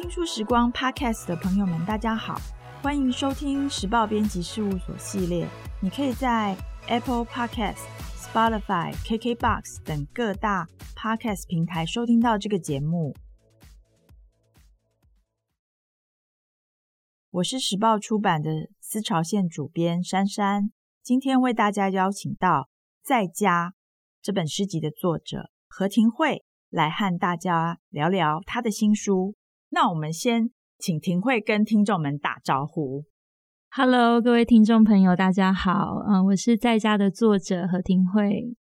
聽書時光 Podcast 的朋友們，大家好，歡迎收聽《時報編輯事務所》系列。你可以在 Apple Podcast、Spotify、KKBox 等各大 Podcast 平台收聽到這個節目。我是時報出版的思潮線主編珊珊，今天為大家邀請到《在家》這本詩集的作者何亭慧來和大家聊聊她的新書。那我們先請亭慧跟聽眾們打招呼。Hello，各位聽眾朋友，大家好。嗯、uh，我是在家的作者何亭慧。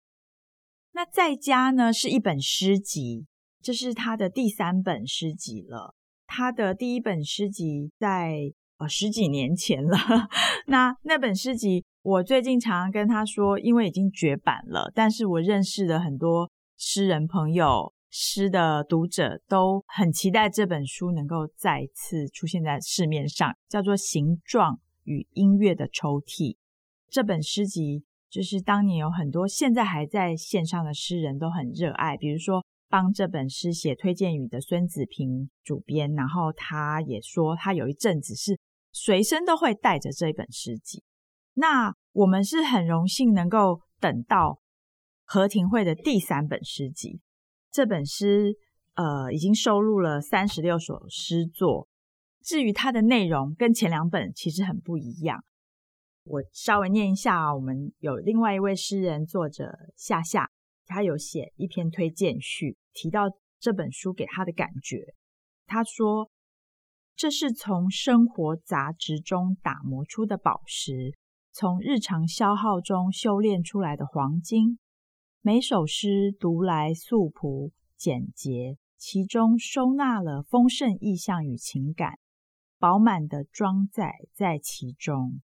那在家呢，是一本詩集，這是她的第三本詩集了。她的第一本詩集在、哦、十幾年前了。 那那本詩集，我最近常常跟他說，因為已經絕版了。但是我認識了很多詩人朋友。詩的讀者都很期待這本書能夠再次出現在市面上，叫做《形狀與音樂的抽屜》。這本詩集就是當年有很多現在還在線上的詩人都很熱愛，比如說幫這本詩寫推薦語的孫梓評主編，然後他也說他有一陣子是隨身都會帶着這本詩集。那我們是很榮幸能夠等到何亭慧的第三本詩集。這本詩，呃，已經收錄了三十六首詩作。至於它的內容，跟前兩本其實很不一樣。我稍微念一下我們有另外一位詩人作者夏夏，他有寫一篇推薦序，提到這本書給他的感覺。他說：“這是從生活雜質中打磨出的寶石，從日常消耗中修煉出來的黃金。”每首詩讀來素樸簡潔，其中收納了豐盛意象與情感，飽滿的裝載在其中。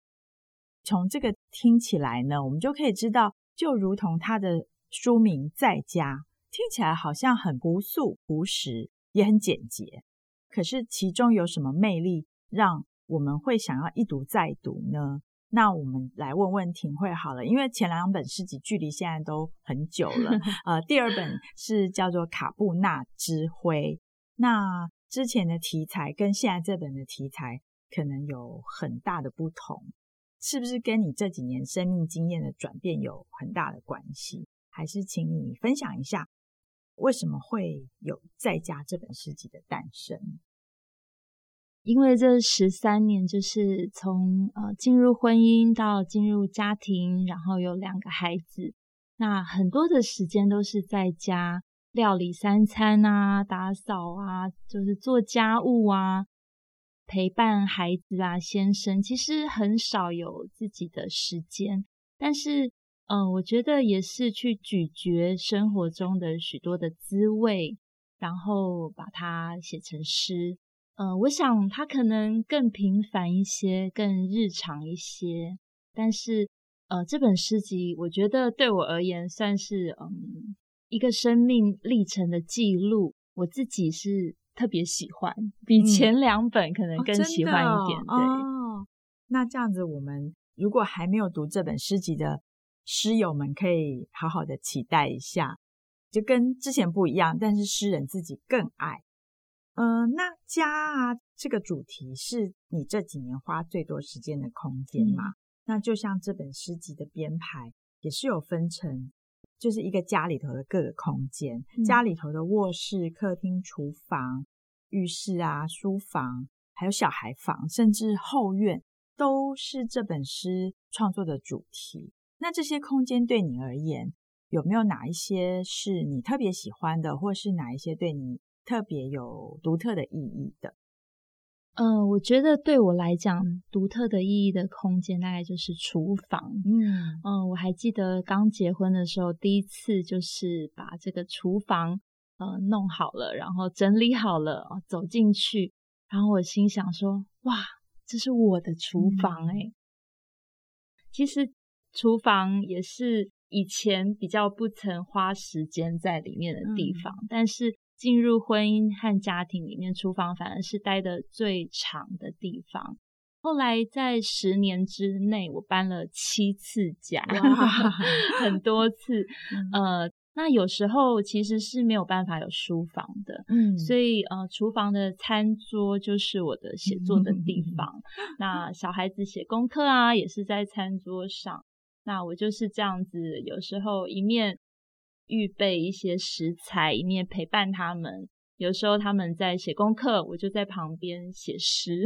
從這個聽起來呢，我們就可以知道，就如同它的書名《在家》，聽起來好像很樸素樸實，也很簡潔。可是其中有什麼魅力，讓我們會想要一讀再讀呢？那我們來問問亭慧好了，因為前兩本詩集距離現在都很久了， 呃，第二本是叫做《卡布納之灰》，那之前的題材跟現在這本的題材可能有很大的不同，是不是跟你這幾年生命經驗的轉變有很大的關係？還是請你分享一下，為什麼會有《在家》這本詩集的誕生？因為這十三年，就是從呃進入婚姻到進入家庭，然後有兩個孩子，那很多的時間都是在家料理三餐啊、打掃啊，就是做家務啊、陪伴孩子啊、先生，其實很少有自己的時間。但是，嗯、呃，我覺得也是去咀嚼生活中的許多的滋味，然後把它寫成詩。嗯、呃，我想他可能更平凡一些，更日常一些。但是，呃，這本詩集我覺得對我而言算是，嗯，一個生命歷程的記錄。我自己是特別喜歡，比前兩本可能更喜歡一點。嗯、哦，真的哦、對、哦，那這樣子，我們如果還沒有讀這本詩集的詩友們，可以好好的期待一下。就跟之前不一樣，但是詩人自己更愛。嗯、呃，那家啊這個主題是你這幾年花最多時間的空間嘛、嗯？那就像這本詩集的編排也是有分成，就是一個家裡頭的各個空間、嗯，家裡頭的臥室、客廳、廚房、浴室啊、書房，還有小孩房，甚至後院，都是這本詩創作的主題。那這些空間對你而言，有沒有哪一些是你特別喜歡的，或是哪一些對你？特別有獨特的意義的，嗯，呃，我覺得對我來講，獨特的意義的空間大概就是廚房。嗯，呃，我還記得剛結婚的時候，第一次就是把這個廚房，呃，弄好了，然後整理好了，走進去，然後我心想說：“哇，這是我的廚房欸！”哎，嗯，其實廚房也是以前比較不曾花時間在裡面的地方，嗯，但是。進入婚姻和家庭裡面，廚房反而是待得最長的地方。後來在十年之內，我搬了七次家， 很多次，嗯。呃，那有時候其實是沒有辦法有書房的，嗯，所以呃，廚房的餐桌就是我的寫作的地方，嗯。那小孩子寫功課啊，也是在餐桌上。那我就是這樣子，有時候一面。預備一些食材，一面陪伴他們。有時候他們在寫功課，我就在旁邊寫詩。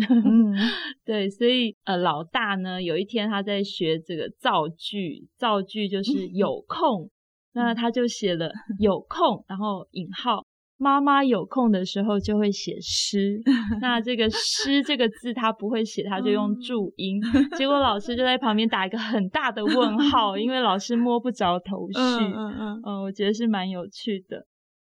對，所以呃，老大呢，有一天他在學這個造句，造句就是有空， 那他就寫了有空，然後引號。媽媽有空的時候就會寫詩， 那這個“詩”這個字他不會寫，他就用注音。 結果老師就在旁邊打一個很大的問號， 因為老師摸不着頭緒。 嗯嗯，嗯，嗯我覺得是蠻有趣的，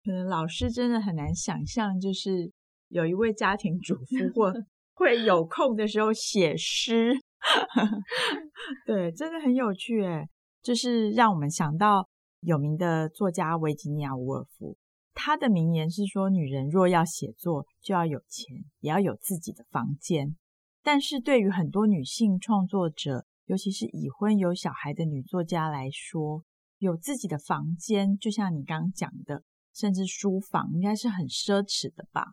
可能老師真的很難想象，就是有一位家庭主婦會會有空的時候寫詩。 對，真的很有趣哎，就是讓我們想到有名的作家維吉尼亞·吳爾芙。他的名言是說：“女人若要寫作，就要有錢，也要有自己的房間。”但是，對於很多女性創作者，尤其是已婚有小孩的女作家來說，有自己的房間，就像你剛講的，甚至書房，應該是很奢侈的吧？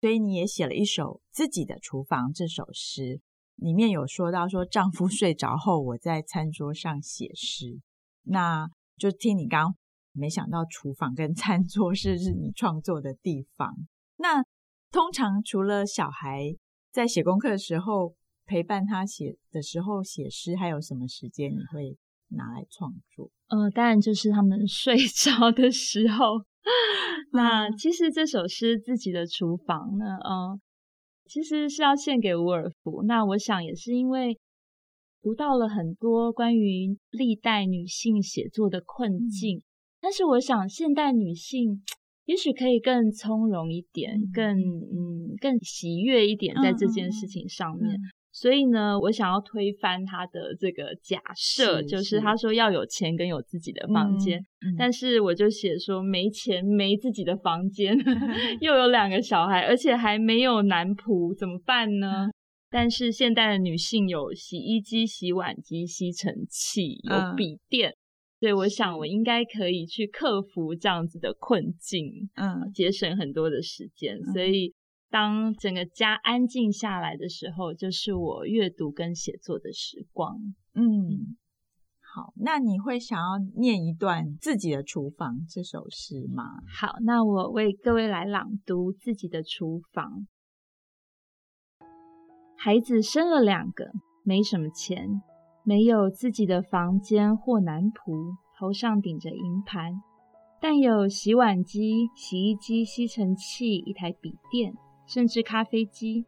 所以，你也寫了一首《自己的廚房》這首詩，裡面有說到：“說丈夫睡着後，我在餐桌上寫詩。”那就聽你剛。沒想到廚房跟餐桌是是你創作的地方。那通常除了小孩在寫功課的時候陪伴他寫的時候寫詩，還有什麼時間你會拿來創作？呃，當然就是他們睡着的時候。嗯、那其實這首詩《自己的廚房》呢，呃，其實是要獻給吳爾芙。那我想也是因為讀到了很多關於歷代女性寫作的困境。嗯但是我想，現代女性也許可以更從容一點，嗯更嗯，更喜悅一點在這件事情上面，嗯。所以呢，我想要推翻她的這個假設，就是她說要有錢跟有自己的房間，嗯。但是我就寫說沒錢、沒自己的房間， 又有兩個小孩，而且還沒有男僕，怎麼辦呢，嗯？但是現代的女性有洗衣機、洗碗機、吸塵器，有筆電。嗯所以我想，我應該可以去克服這樣子的困境，嗯，節省很多的時間，嗯。所以，當整個家安靜下來的時候，就是我閱讀跟寫作的時光。嗯，好，那你會想要念一段自己的廚房這首詩嗎？好，那我為各位來朗讀自己的廚房。孩子生了兩個，沒什麼錢。沒有自己的房間或男僕，頭上頂着銀盤，但有洗碗機、洗衣機、吸塵器、一台筆電，甚至咖啡機。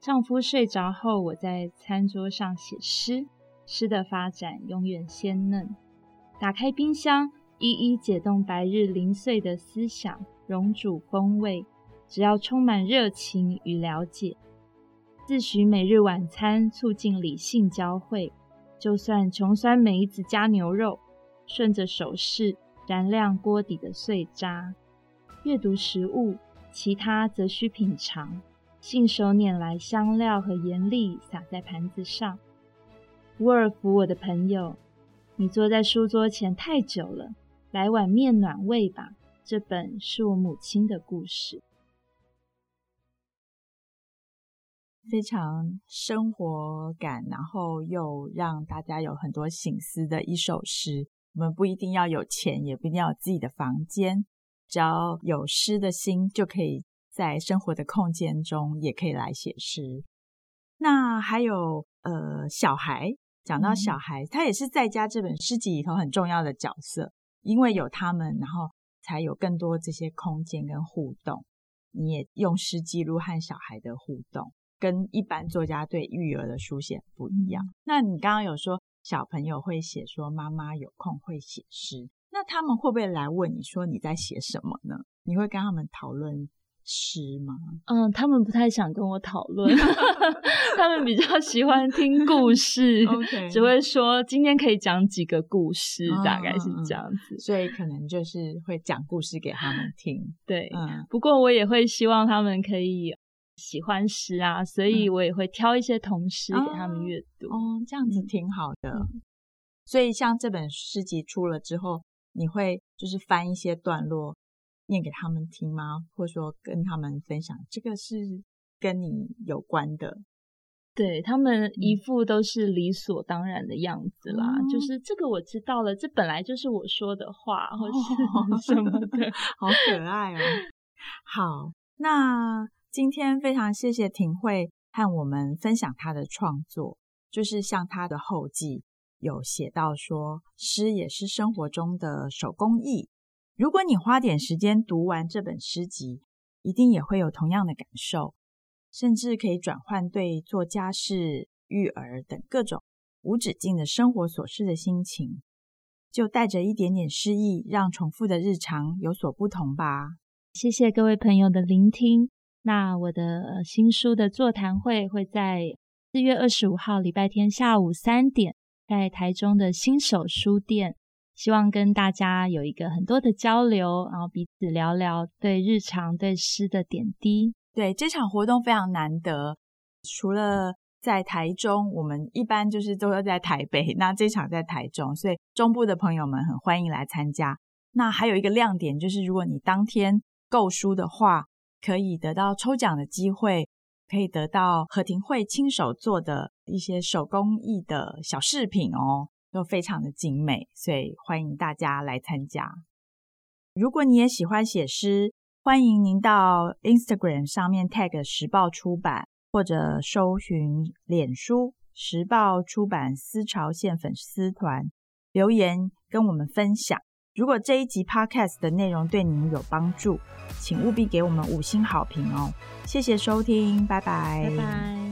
丈夫睡着後，我在餐桌上寫詩，詩的發展永遠鮮嫩。打開冰箱，一一解凍白日零碎的思想，溶煮風味。只要充滿熱情與了解，自詡每日晚餐促進理性交匯。就算窮酸梅子加牛肉，順着手勢燃亮鍋底的碎渣。閱讀食物，其他則需品嘗。信手拈來香料和鹽粒撒在盤子上。吳爾芙，我的朋友，你坐在書桌前太久了，來碗麵暖胃吧。這本是我母親的故事。非常生活感，然後又讓大家有很多省思的一首詩。我們不一定要有錢，也不一定要有自己的房間，只要有詩的心，就可以在生活的空間中，也可以來寫詩。那還有呃，小孩，講到小孩、嗯，他也是在家這本詩集裡頭很重要的角色，因為有他們，然後才有更多這些空間跟互動。你也用詩記錄和小孩的互動。跟一般作家對育兒的書寫不一樣。那你剛剛有說小朋友會寫說媽媽有空會寫詩，那他們會不會來問你說你在寫什麼呢？你會跟他們討論詩嗎？嗯，他們不太想跟我討論， 他們比較喜歡聽故事， Okay. 只會說今天可以講幾個故事，嗯，大概是這樣子。嗯嗯，所以可能就是會講故事給他們聽。對，嗯，不過我也會希望他們可以喜歡詩啊，所以我也會挑一些童詩給他們閱讀，嗯哦。哦，這樣子挺好的，嗯。所以像這本詩集出了之後，你會就是翻一些段落念給他們聽嗎？或者說跟他們分享這個是跟你有關的？對，他們一副都是理所當然的樣子啦，嗯，就是這個我知道了，這本來就是我說的話，或是什麼的，哦哦哦 好可愛哦，啊。 好，那。今天非常謝謝亭慧和我們分享她的創作，就是像她的後記有寫到說，詩也是生活中的手工藝。如果你花點時間讀完這本詩集，一定也會有同樣的感受，甚至可以轉換對做家事、育兒等各種無止境的生活瑣事的心情，就帶着一點點詩意，讓重複的日常有所不同吧。謝謝各位朋友的聆聽。那我的新書的座談會會在四月二十五號禮拜天下午三點，在台中的新手書店，希望跟大家有一個很多的交流，然後彼此聊聊對日常對詩的點滴。對，這場活動非常難得，除了在台中，我們一般就是都要在台北，那這場在台中，所以中部的朋友們很歡迎來參加。那還有一個亮點就是，如果你當天購書的話，可以得到抽獎的機會，可以得到何亭慧親手做的一些手工藝的小飾品哦，都非常的精美，所以歡迎大家來參加。如果你也喜歡寫詩，歡迎您到 Instagram 上面 tag 時報出版，或者搜尋臉書時報出版思潮線粉絲團留言跟我們分享。如果這一集 podcast 的內容對您有幫助，請務必給我們五星好評哦！謝謝收聽，拜拜。拜拜。